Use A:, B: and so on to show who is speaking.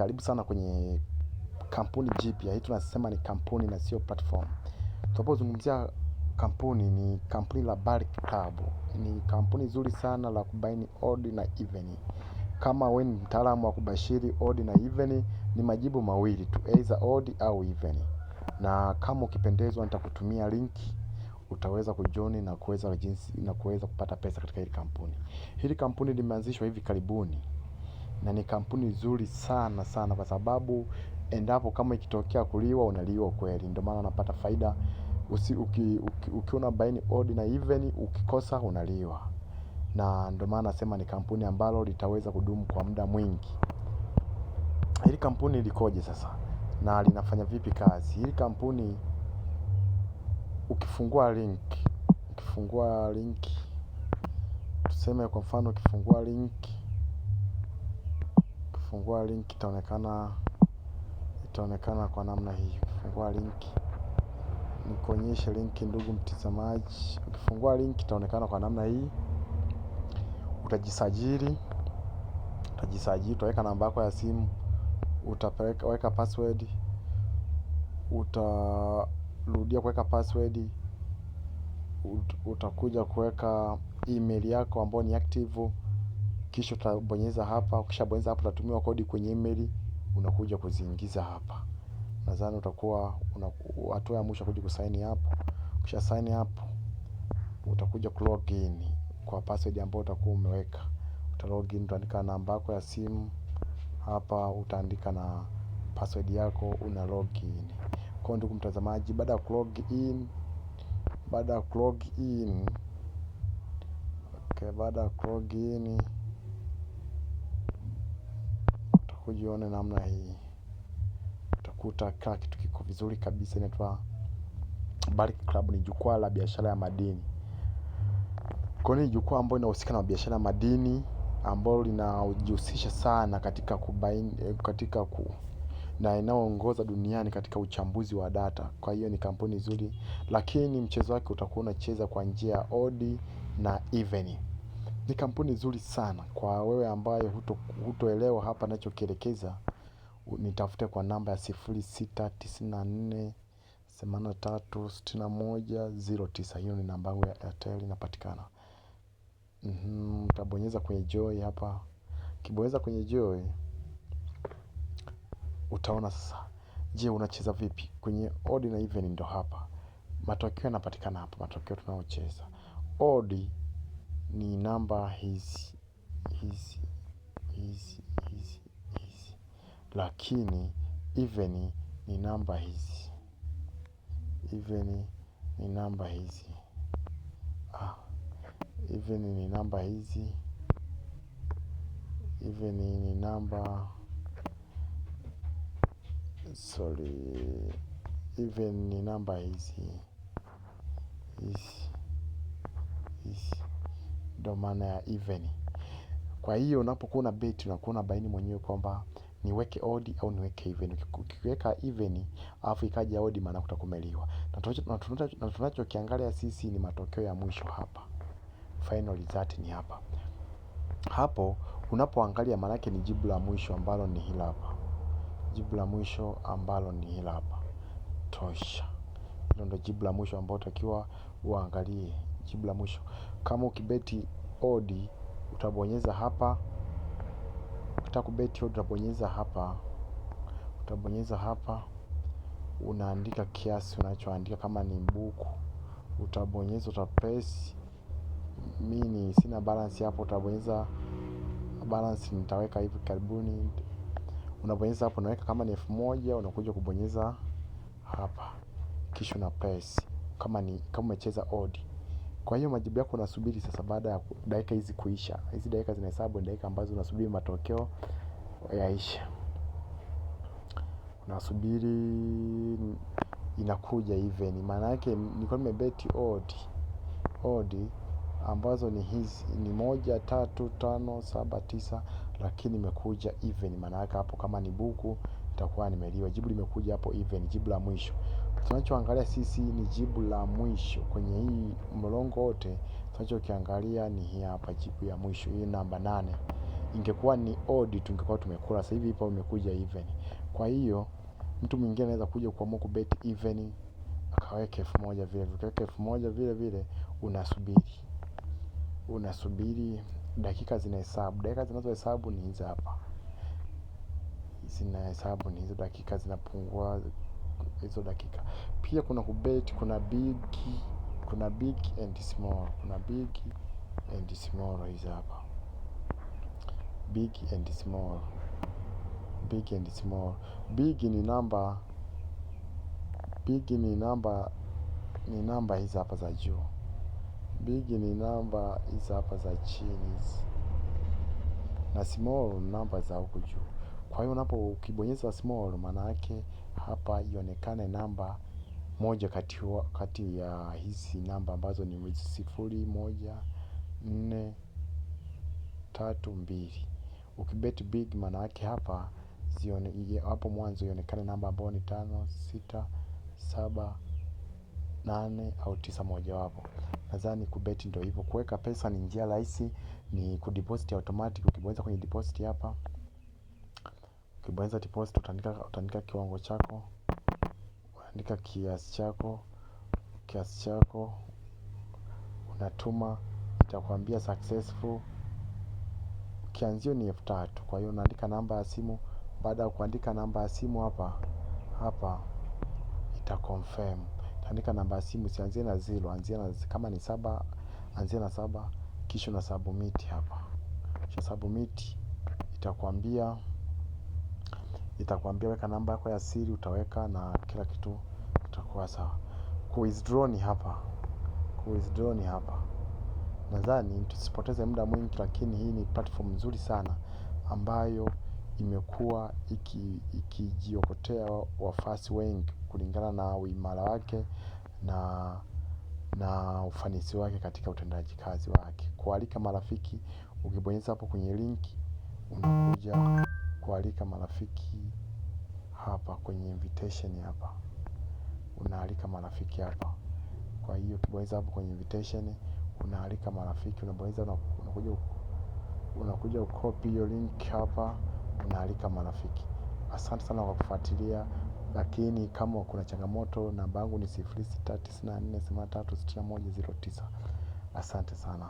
A: Karibu sana kwenye kampuni jipya. Hii tunasema ni kampuni na sio platform. Tunapozungumzia kampuni ni kampuni la Bulk Club, Ni kampuni nzuri sana la kubaini odd na even. Kama wewe ni mtaalamu wa kubashiri odd na even, ni majibu mawili tu, either odd au even. Na kama ukipendezwa nitakutumia link utaweza kujoni na kuweza jinsi na kuweza kupata pesa katika hili kampuni. Hili kampuni limeanzishwa hivi karibuni na ni kampuni nzuri sana sana kwa sababu endapo kama ikitokea kuliwa unaliwa kweli ndio maana unapata faida ukiwa baini odd na even ukikosa unaliwa na ndio maana nasema ni kampuni ambalo litaweza kudumu kwa muda mwingi hili kampuni likoje sasa na linafanya vipi kazi hili kampuni ukifungua link ukifungua link tuseme kwa mfano ukifungua link fungua link itaonekana itaonekana kwa namna hii. Ukifungua link, nikuonyeshe link, ndugu mtazamaji, ukifungua link itaonekana kwa namna hii. Utajisajili, utajisajili, utaweka namba yako ya simu, utapeleka weka password, utarudia kuweka password, utakuja kuweka email yako ambayo ni active kisha utabonyeza hapa, ukishabonyeza hapa utatumiwa kodi kwenye email, unakuja kuziingiza hapa. Nadhani utakuwa una hatua ya mwisho kuja kusaini hapo. Ukisha sign up, utakuja kulog in kwa password ambayo utakuwa umeweka. Utalog in, utaandika namba yako ya simu hapa, utaandika na password yako, una log in. Kwa ndugu mtazamaji, baada ya kulog in, baada ya kulog in, okay, baada ya kulog in unapojiona namna hii utakuta kila kitu kiko vizuri kabisa. Inaitwa Barrick Club, ni jukwaa la biashara ya madini. Kwa hiyo ni jukwaa ambayo inahusika na biashara ya madini ambalo linajihusisha sana katika kubaini, katika ku na inaoongoza duniani katika uchambuzi wa data. Kwa hiyo ni kampuni nzuri, lakini mchezo wake utakuwa unacheza kwa njia ya odi na even ni kampuni nzuri sana kwa wewe ambaye huto, hutoelewa hapa nachokielekeza nitafute kwa namba ya sifuri sita tisini na nne themanini na tatu sitini na moja ziro tisa hiyo ni namba yangu ya Airtel inapatikana mtabonyeza mm-hmm, mm -hmm, kwenye joy hapa kibonyeza kwenye joy utaona sasa je unacheza vipi kwenye odd na even ndo hapa matokeo yanapatikana hapa matokeo tunaocheza odd ni namba hizi hizi hizi hizi hizi, lakini even ni namba hizi even ni namba hizi ah, even ni namba hizi even ni namba sorry, even ni namba hizi hizi ndo maana ya even. Kwa hiyo unapokuwa una bet unakuwa na baini mwenyewe kwamba niweke odd au niweke even. Ukiweka even alafu ikaja odd maana kutakumeliwa. Na tunachokiangalia sisi ni matokeo ya mwisho hapa. Final result ni hapa. Hapo unapoangalia maana yake ni jibu la mwisho ambalo ni hili hapa. Jibu la mwisho ambalo ni hili hapa. Tosha. Hilo ndio jibu la mwisho ambalo takiwa uangalie jibu la mwisho. Kama ukibeti odi utabonyeza hapa. Ukitaka kubeti odi utabonyeza hapa, utabonyeza hapa, unaandika kiasi unachoandika, kama ni buku utabonyeza, utapesi. mini sina balance hapo, utabonyeza balance, nitaweka hivi karibuni. Unabonyeza hapo, unaweka kama ni elfu moja unakuja kubonyeza hapa, kisha una press. Kama ni kama umecheza odi kwa hiyo majibu yako unasubiri sasa baada ya dakika hizi kuisha. Hizi dakika zinahesabu dakika ambazo unasubiri matokeo yaisha Unasubiri inakuja even. Maana yake nilikuwa nimebeti odd. Odd ambazo ni hizi ni moja, tatu, tano, saba, tisa lakini imekuja even. Maana yake hapo kama ni buku itakuwa nimeliwa. Jibu limekuja hapo even. Jibu la mwisho tunachoangalia sisi ni jibu la mwisho kwenye hii mlongo wote, tunachokiangalia ni hii hapa jibu ya mwisho, hii namba nane. Ingekuwa ni odd tungekuwa tumekula, sasa hivi hapa umekuja even. Kwa hiyo mtu mwingine anaweza kuja kuamua kubet even akaweka elfu moja vile vile, ukiweka elfu moja vile vile, unasubiri unasubiri, dakika zinahesabu, dakika zinazohesabu ni hizi hapa, zinahesabu ni hizo dakika zinapungua hizo dakika. Pia kuna kubet, kuna big, kuna big and small, kuna big and small hizi hapa, big and small, big and small. Big ni namba, big ni namba, ni namba hizi hapa za juu. Big ni namba hizi hapa za chini na small namba za huku juu. Kwa hiyo unapo ukibonyeza small maana yake hapa ionekane namba moja kati kati ya hizi namba ambazo ni sifuri moja nne tatu mbili. Ukibet big maana yake hapa zione, hapo mwanzo ionekane namba ambayo ni tano sita saba nane au tisa mojawapo. Nadhani kubeti ndio hivyo kuweka pesa ni njia rahisi ni kudeposit automatic ukibonyeza kwenye deposit hapa ukibonyeza deposit utaandika kiwango chako, unaandika kiasi chako, kiasi chako unatuma, itakwambia successful. Kianzio ni elfu tatu. Kwa hiyo unaandika namba ya simu. Baada ya kuandika namba ya simu hapa hapa ita confirm. Taandika namba ya simu, sianzie na zero, anzia na kama ni saba, anzie na saba kisha una submit hapa. Ukisha submit itakwambia itakuambia weka namba yako ya siri utaweka na kila kitu itakuwa sawa. Kuwithdraw ni hapa, kuwithdraw ni hapa. Nadhani tusipoteze muda mwingi, lakini hii ni platform nzuri sana ambayo imekuwa ikijiokotea iki wafasi wengi kulingana na uimara wake na, na ufanisi wake katika utendaji kazi wake. Kualika marafiki, ukibonyeza hapo kwenye linki unakuja kualika marafiki hapa kwenye invitation hapa, unaalika marafiki hapa. Kwa hiyo ukibonyeza hapo kwenye invitation, unaalika marafiki, unabonyeza, unakuja unakuja ukopi hiyo link hapa, unaalika marafiki. Asante sana kwa kufuatilia, lakini kama kuna changamoto, namba yangu ni 0694836109. Asante sana.